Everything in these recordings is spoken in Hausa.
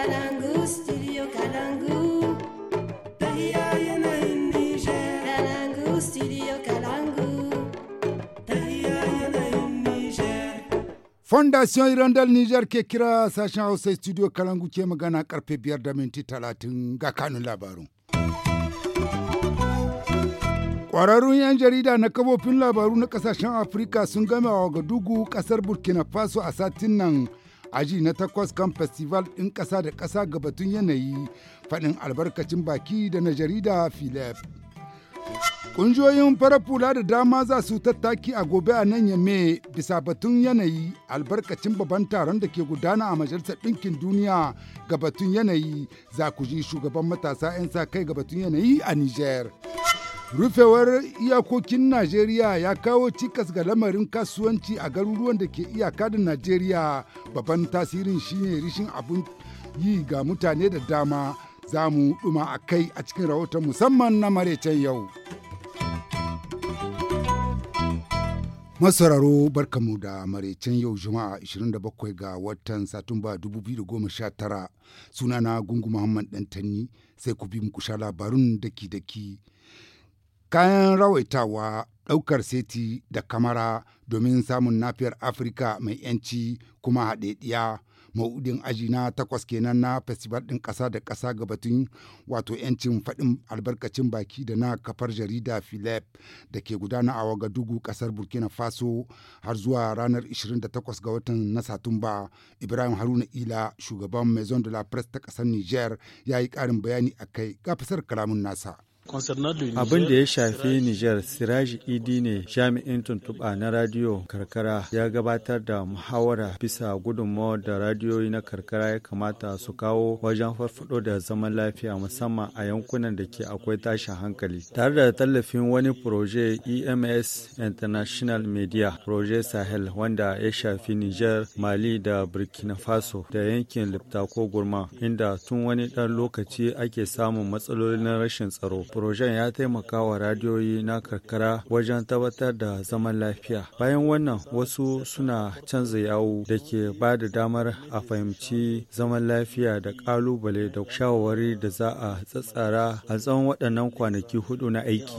Kalangu, studio Kalangu. Fondation Irandal Niger ke kira sashen Hausa studio Kalangu ke magana karfe biyar da minti talatin ga kanun labarun. Kwararrun 'yan jarida na kafofin labaru na kasashen Afirka sun gama wa Gadugu ƙasar Burkina Faso a satin nan aji na takwas kan festival ɗin ƙasa da ƙasa ga batun yanayi faɗin albarkacin baki da na jarida philip Ƙungiyoyin farar da dama za su tattaki a gobe a nan yamme bisa batun yanayi albarkacin babban taron da ke gudana a majalisar ɗinkin duniya ga batun yanayi za ku ji shugaban matasa 'yan sa kai ga batun yanayi a niger. Rufewar iyakokin Najeriya ya kawo cikas ga lamarin kasuwanci a garuruwan da ke iyaka da Najeriya babban tasirin shine rishin abin yi ga mutane da dama za mu ɗuma a kai a cikin rahoton musamman na maraicen yau. Masararo barkamu da maraicen yau Juma'a 27 ga watan Satumba 2019 sunana Gungu Muhammad Dantanni sai ku bi mu sha labarun daki-daki kayan rawaitawa ɗaukar seti da kamara domin samun nafiyar afirka mai 'yanci kuma haɗeɗiya ma'udin aji na takwas kenan na festival ɗin ƙasa da ƙasa ga batun wato 'yancin faɗin albarkacin baki da na kafar jarida philip da ke gudana a wagadugu ƙasar burkina faso har zuwa ranar 28 ga watan na satumba ibrahim haruna ila shugaban maison de la presse ta ƙasar niger ya yi ƙarin bayani a kai ga fasar kalamun nasa Abin da ya shafi Nijar, Siraji Idi ne jami'in tuntuɓa na radiyo karkara ya gabatar da muhawara bisa gudunmawar da radiyoyi na karkara ya kamata su kawo wajen farfado da zaman lafiya musamman a yankunan da ke akwai tashin hankali. Tare da tallafin wani proje EMS International Media, proje Sahel wanda ya shafi Nijar, Mali da Burkina Faso da yankin ko Gurma, inda tun wani dan lokaci ake samun matsaloli na rashin tsaro. Projen ya taimaka wa radiyoyi na karkara wajen tabbatar da zaman lafiya. Bayan wannan wasu suna canza yawo da ke ba da damar a fahimci zaman lafiya da kalubale da shawarwari da za a tsatsara a tsawon waɗannan kwanaki hudu na aiki.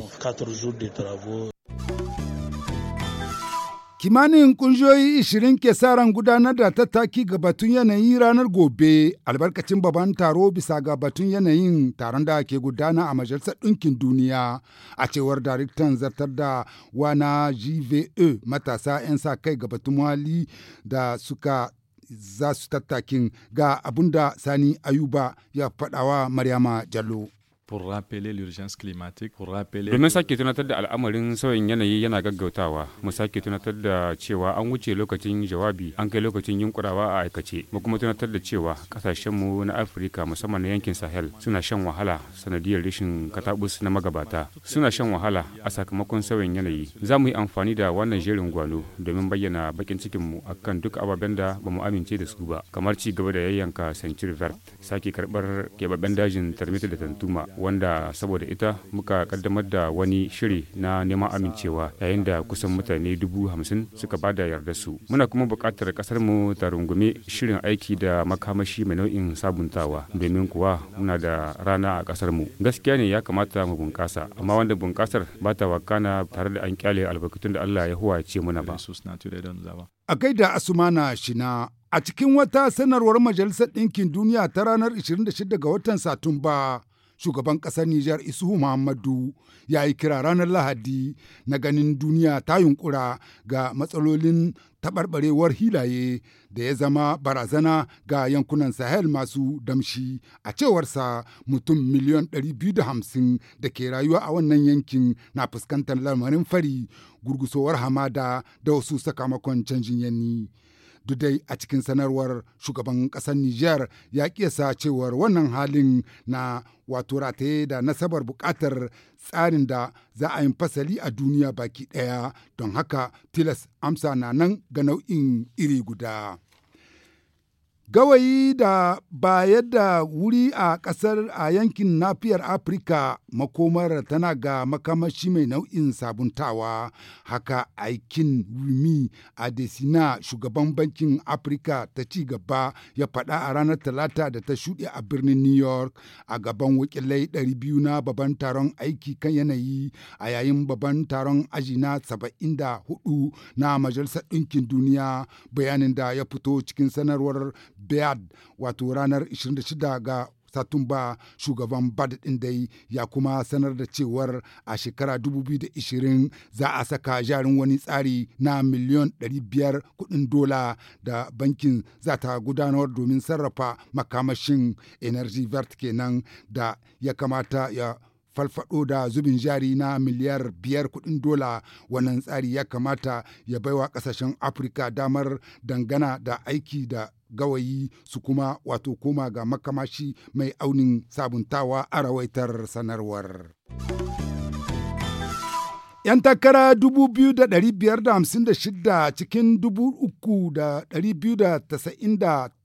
Kimanin kungiyoyi ishirin ke sa ran gudanar da tattaki ga batun yanayi ranar gobe albarkacin babban taro bisa ga batun yanayin taron da ke gudana a Majalisar Ɗinkin Duniya a cewar daraktan zartar da wana GVE matasa 'yan sa kai ga batun wali da suka za su tattakin ga abinda Sani Ayuba ya faɗawa Maryama Jallo. pour pour rappeler rappeler. climatique Domin sake tunatar da al'amarin sauyin yanayi yana gaggautawa, mu sake tunatar da cewa an wuce lokacin jawabi an kai lokacin yunkurawa a aikace, mu kuma tunatar da cewa kasashenmu na Afirka musamman na yankin Sahel suna shan wahala sanadiyar rashin katabus na magabata. Suna shan wahala a sakamakon sauyin yanayi. Za mu yi amfani da wannan jerin gwano domin bayyana bakin cikinmu akan duk ababen da ba mu amince da su ba, kamar ci gaba da yayyanka Century Vert, sake karɓar keɓaɓɓen dajin termiti da Tantuma wanda saboda ita muka kaddamar da wani shiri na neman amincewa yayin da kusan mutane dubu hamsin suka ba da yarda su muna kuma buƙatar ƙasar mu ta rungume shirin aiki da makamashi mai nau'in sabuntawa domin kuwa muna da rana a ƙasar mu gaskiya ne ya kamata mu bunƙasa amma wanda bunƙasar ba ta wakana tare da an kyale albarkatun da Allah ya huwace muna ba a kai da asumana shina a cikin wata sanarwar majalisar ɗinkin duniya ta ranar 26 ga watan satumba shugaban ƙasar Nijar Isuhu Muhammadu ya yi kira ranar Lahadi na ganin duniya ta yunkura ga matsalolin taɓarɓarewar hilaye da ya zama barazana ga yankunan Sahel masu damshi a cewarsa mutum miliyon 250 da ke rayuwa a wannan yankin na fuskantar lamarin fari gurgusowar hamada da wasu sakamakon canjin yanni. duk dai a cikin sanarwar shugaban ƙasar Nijar ya kiyasa cewar wannan halin na wato rataye da nasabar buƙatar tsarin da za a yi fasali a duniya baki ɗaya don haka tilas amsa na nan ga nau'in iri guda. Gawayi da ba yadda wuri a ƙasar a yankin nafiyar Afirka makomar tana ga makamashi mai nau'in sabuntawa haka aikin a Adesina shugaban bankin Afirka ta ci gaba ya faɗa a ranar talata da ta shuɗe a birnin New York a gaban wakilai 200 na babban taron aiki kan yanayi a yayin babban taron aji na 74 na Majalisar Ɗinkin Duniya bayanin da ya fito cikin sanarwar Beard wato ranar 26 ga Satumba shugaban BAD ɗin dai ya kuma sanar da cewar a shekara 2020 za a saka jarin wani tsari na miliyon 500 kuɗin dola da bankin za ta gudanar domin sarrafa makamashin energy vert kenan da ya kamata ya falfado da zubin jari na miliyar biyar kudin dola wannan tsari ya kamata ya baiwa kasashen afirka damar dangana da aiki da gawayi su kuma wato koma ga makamashi mai aunin sabuntawa a rawaitar sanarwar. 'Yan takara 2,556 cikin 3,290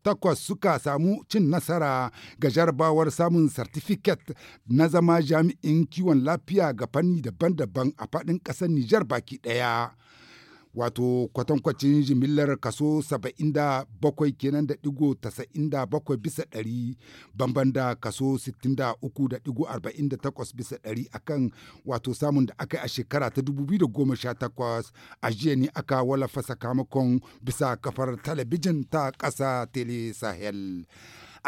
takwas suka samu cin nasara ga jarabawar samun sartifiket na zama jami'in kiwon lafiya ga fanni daban-daban a faɗin ƙasar Nijar baki ɗaya. wato kwatankwacin jimillar kaso 77 kenan da digo 97 bisa ɗari bamban da kaso 63.48 bisa ɗari akan wato samun da aka yi a shekara ta 2018 a jiya ne aka wallafa sakamakon bisa kafar talabijin ta ƙasa tele sahel.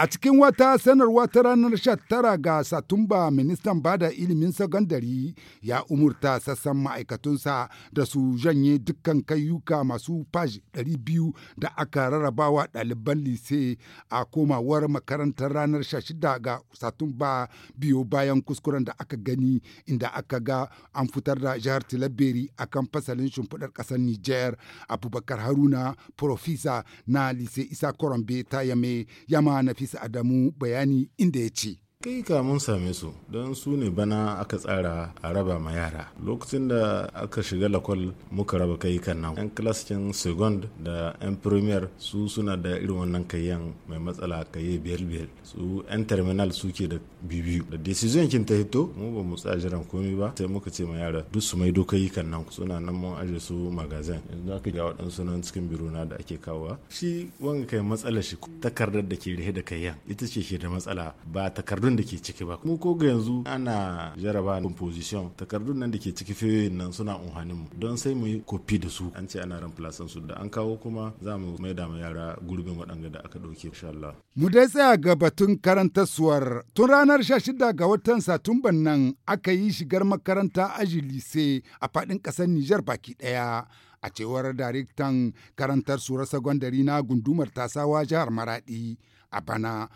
A cikin wata sanarwa ta ranar 19 ga Satumba, ministan bada ilimin sagandari ya umurta sassan ma'aikatunsa da su janye dukkan kayyuka masu fash 200 da aka rarrabawa ɗaliban lise a komawar makarantar ranar 16 ga Satumba biyo bayan kuskuren da aka gani inda aka ga an fitar da jihar Tilaberi kan fasalin shimfiɗar ƙasar Nijar, Abubakar Haruna, Profisa na lise Isa Korombe ta yame, yama Nafisa Idris Adamu bayani inda ya ce. kai ka mun same su don su ne bana aka tsara a raba ma yara lokacin da aka shiga lakwal muka raba kai kan nan yan klasicin second da yan premier su suna da irin wannan kayan mai matsala kaye biyar biyar su yan terminal suke da bibiyu da decision kin ta hito mu ba mu tsajiran komai ba sai muka ce ma yara duk su mai doka kan nan suna nan mun aje su magazin yanzu aka ga waɗansu nan cikin biro na da ake kawowa shi wanga kai matsala shi takardar da ke rihe da kayan ita ce ke da matsala ba takardar takardun da ke ciki ba mu ko yanzu ana jaraba composition takardun nan da ke ciki fiyoyin nan suna unhanin mu don sai mu yi kopi da su an ce ana ran plasan su da an kawo kuma za mu mai da yara gurbin waɗanda da aka ɗauke insha Allah. Mu dai tsaya ga batun karantarsuwar tun ranar 16 ga watan Satumban nan aka yi shigar makaranta aji lise a faɗin ƙasar Nijar baki ɗaya. a cewar daraktan karantar sura sagwandari na gundumar tasawa jihar maradi a bana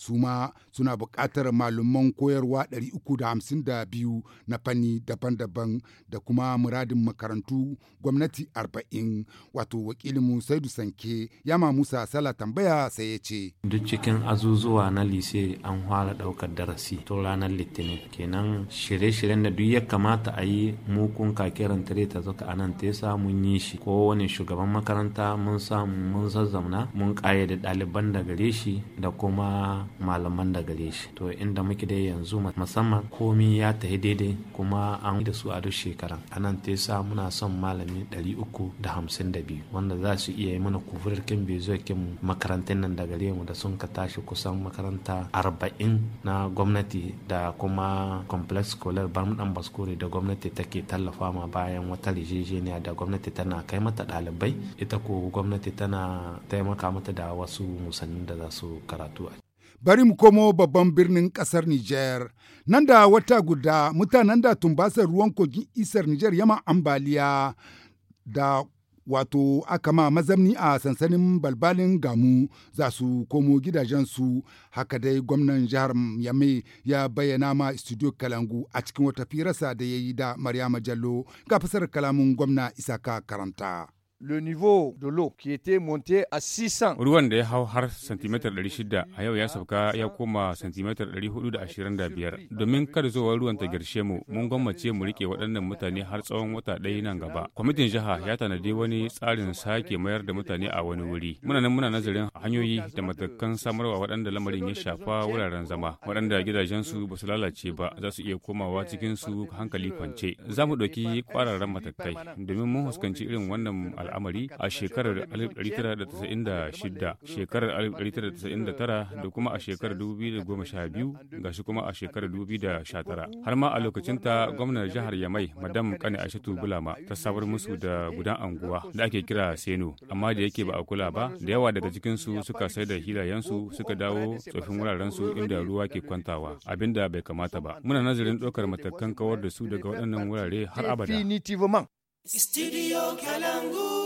su ma suna buƙatar malaman koyarwa 352 na fanni daban-daban da kuma muradin makarantu gwamnati 40 wato wakilin wakilinmu saidu sanke ma musa sala tambaya sai ya ce duk cikin azuzuwa na lise an fara ɗaukar darasi to ranar litinin kenan shirye-shiryen da duk ya kamata a yi mukun kakiran tare ta zaka a nan tesa mun yi shi ko wani shugaban makaranta mun samu mun zazzauna mun ƙayyade ɗaliban da gare shi da kuma malaman da gare shi to inda muke dai yanzu musamman komi ya tafi daidai kuma an da su a duk shekara anan ta sa muna son malami 352 wanda za su iya yi mana kufurar kin bezokin makarantar nan da gare mu da sun ka tashi kusan makaranta 40 na gwamnati da kuma complex scholar barmudan baskore da gwamnati take tallafa ma bayan wata rijejeniya da gwamnati tana kai mata ɗalibai ita ko gwamnati tana taimaka mata da wasu musannin da za su karatu a Bari mu komo babban birnin kasar Nijar. Nan da wata guda mutanen da tumbasar ruwan kogin isar Nijar yama ambaliya da wato aka ma mazamni a sansanin balbalin gamu za su komo gidajensu haka dai gwamnan jihar yame ya bayyana ma studio kalangu a cikin wata firarsa da ya yi da maryama jallo ga fasar kalamin gwamna isaka karanta. le niveau de l'eau qui était monté à 600. Ruwan da ya hau har santimetar 600 a yau ya sauka ya koma santimetar 425 domin kar zuwa ruwan ta girshe mu mun gwammace mu rike waɗannan mutane har tsawon wata ɗaya nan gaba. Kwamitin jiha ya tanadi wani tsarin sake mayar da mutane a wani wuri. Muna nan muna nazarin hanyoyi da matakan samarwa waɗanda lamarin ya shafa wuraren zama waɗanda su ba su lalace ba za su iya komawa cikin su hankali kwance. Za mu ɗauki ƙwararren matakai domin mun fuskanci irin wannan al'amari. al'amari a shekarar 1996 shekarar 1999 da kuma a shekarar 2012 shi kuma a shekarar 2019 har ma a lokacin ta gwamnan jihar yamai madam kane aishatu bulama ta sabar musu da gudan anguwa da ake kira seno amma da yake ba a kula ba da yawa daga cikinsu suka sai da hilayensu suka dawo tsofin wurarensu inda ruwa ke kwantawa abinda bai kamata ba muna nazarin ɗaukar matakan kawar da su daga waɗannan wurare har abada. Studio Kalangu.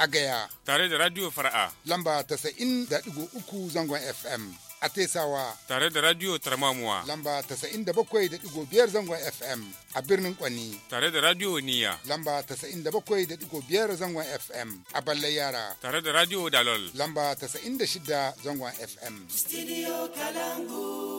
a gaya. Tare da Radio Fara'a. Lamba tasa'in da uku zangon FM. A Tesawa. Tare da Radio Tarmamuwa. Lamba tasa'in da bakwai da biyar zangon FM. A birnin Kwani. Tare da Radio Niya. Lamba tasa'in da bakwai da biyar zangon FM. A Balle Yara. Tare da Radio Dalol. Lamba tasa'in da shida zangon FM. Studio Kalangu.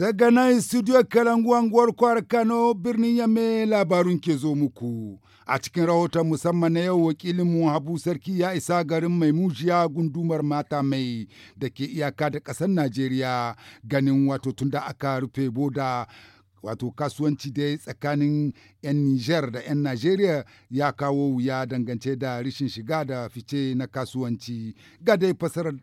Daga nan studio Kalangu kwar Kano birnin Yamme labarun ke zo muku. A cikin rahoton musamman na yau wakilin mu Habu Sarki ya isa garin mai mujiya gundumar mata mai da ke iyaka da kasar Najeriya ganin wato tunda aka rufe boda wato kasuwanci da tsakanin 'yan Nijar da 'yan Najeriya ya kawo wuya dangance da rishin shiga da fice na kasuwanci ga dai fasarar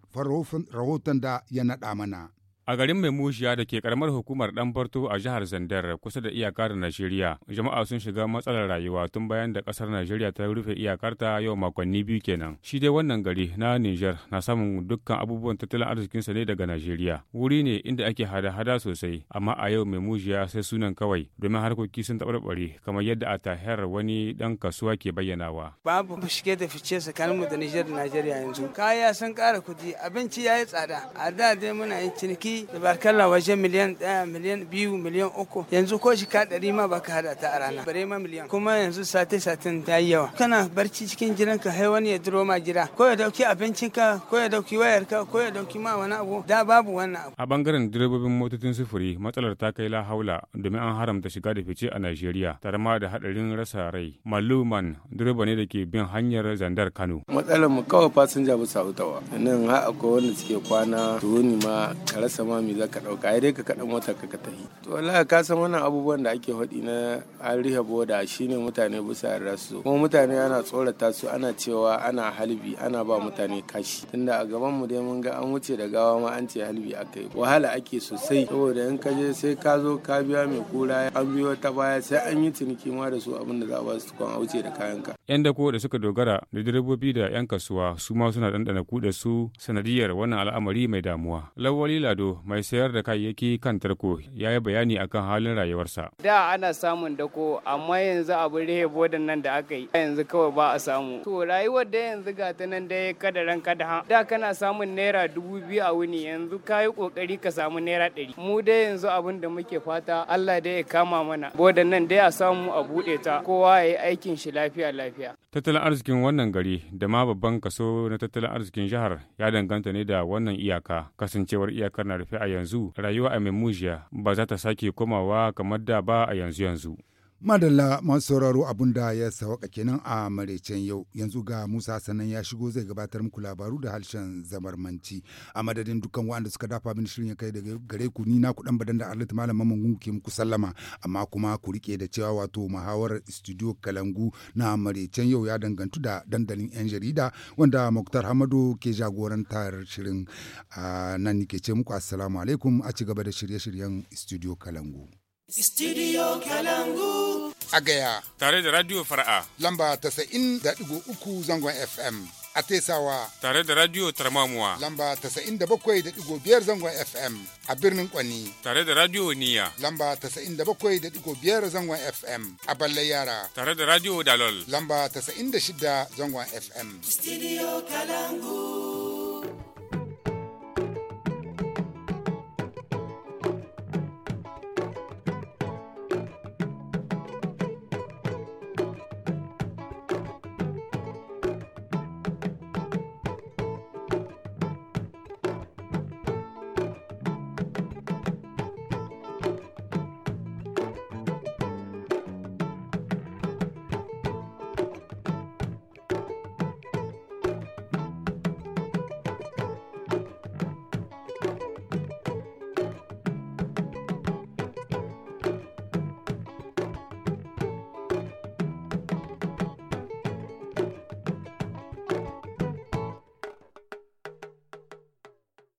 rahoton da ya naɗa mana. A garin mai Maimushiya da ke karamar hukumar barto a jihar Zandar kusa da iyaka da Najeriya, jama'a sun shiga matsalar rayuwa tun bayan da kasar Najeriya ta rufe iyakarta yau makonni biyu kenan. Shi dai wannan gari na niger na samun dukkan abubuwan tattalin arzikinsa ne daga Najeriya. Wuri ne inda ake hada-hada sosai, amma a yau mai Maimushiya sai sunan kawai domin harkoki sun taɓarɓare kamar yadda a tahiyar wani dan kasuwa ke bayyanawa. Babu shige da fice tsakaninmu da Nijar da Najeriya yanzu. Kaya sun kara kuɗi, abinci ya yi tsada. A da dai muna yin ciniki kuɗi tabarkalla waje miliyan ɗaya miliyan biyu miliyan uku yanzu ko ka ɗari ma baka hada ta a rana bare ma miliyan kuma yanzu sati satin ta yi yawa kana barci cikin jiran ka hai wani ya duro ma gida ko ya dauki abincin ka ko ya dauki wayar ka ko ya dauki ma wani abu da babu wannan abu. a bangaren direbobin motocin sufuri matsalar ta kai la haula domin an haramta shiga da fice a najeriya tare ma da hadarin rasa rai maluman direba ne da ke bin hanyar zandar kano. matsalar mu kawai fasinja ba sautawa nan har akwai wanda suke kwana tuni ma ka ma za zaka dauka ya dai ka kaɗan mota ka ka tafi to wallahi ka san wannan abubuwan da ake haɗi na an riha boda shine mutane bisa rasu kuma mutane ana tsorata su ana cewa ana halbi ana ba mutane kashi tunda a gaban mu dai mun ga an wuce da gawa ma an ce halbi kai wahala ake sosai saboda in ka je sai ka zo ka biya mai kura an biyo ta baya sai an yi ciniki ma da su abin da za a ba su tukun a wuce da kayanka yan dako da suka dogara da direbobi da yan kasuwa su ma suna ɗanɗana kuɗa su sanadiyar wannan al'amari mai damuwa lawali lado mai sayar da kayayyaki kan tarko ya yi bayani akan halin rayuwarsa. Da ana samun dako amma yanzu abin rihe bodan nan da aka yi yanzu kawai ba a samu. To rayuwar da yanzu ga ta nan da ya kada ran kada ha. Da kana samun naira dubu biyu a wuni yanzu ka yi kokari ka samu naira ɗari. Mu da yanzu abin da muke fata Allah da ya kama mana. Bodan nan dai a samu a buɗe ta kowa ya yi aikin shi lafiya lafiya. Tattalin arzikin wannan gari da ma babban kaso na tattalin arzikin jihar ya danganta ne da wannan iyaka kasancewar iyakar na rufe a yanzu rayuwa a memujiya ba za ta sake komawa kamar da ba a yanzu yanzu. Madalla masu sauraro abun da ya sawaka kenan a maraicen yau yanzu ga Musa sannan ya shigo zai gabatar muku labaru da harshen zamarmanci a madadin dukkan waɗanda suka dafa min shirin ya kai daga gare ku ni na kuɗan badan da Arlit Malam Mamman ke muku sallama amma kuma ku rike da cewa wato muhawarar studio Kalangu na maraicen yau ya dangantu da dandalin yan jarida wanda Muktar Hamadu ke jagorantar shirin a nan ke ce muku assalamu alaikum a ci gaba da shirye-shiryen studio Kalangu. Studio Kalangu. a gaya. Tare da Radio Fara'a. Lamba uku zangon FM. A Tesawa. Tare da Radio Tarmamuwa. Lamba biyar zangon FM. A birnin Kwani. Tare da Radio Niya. Lamba biyar zangon FM. A Balle Yara. Tare da Radio Dalol. Lamba 96 zangon FM. Studio Kalangu.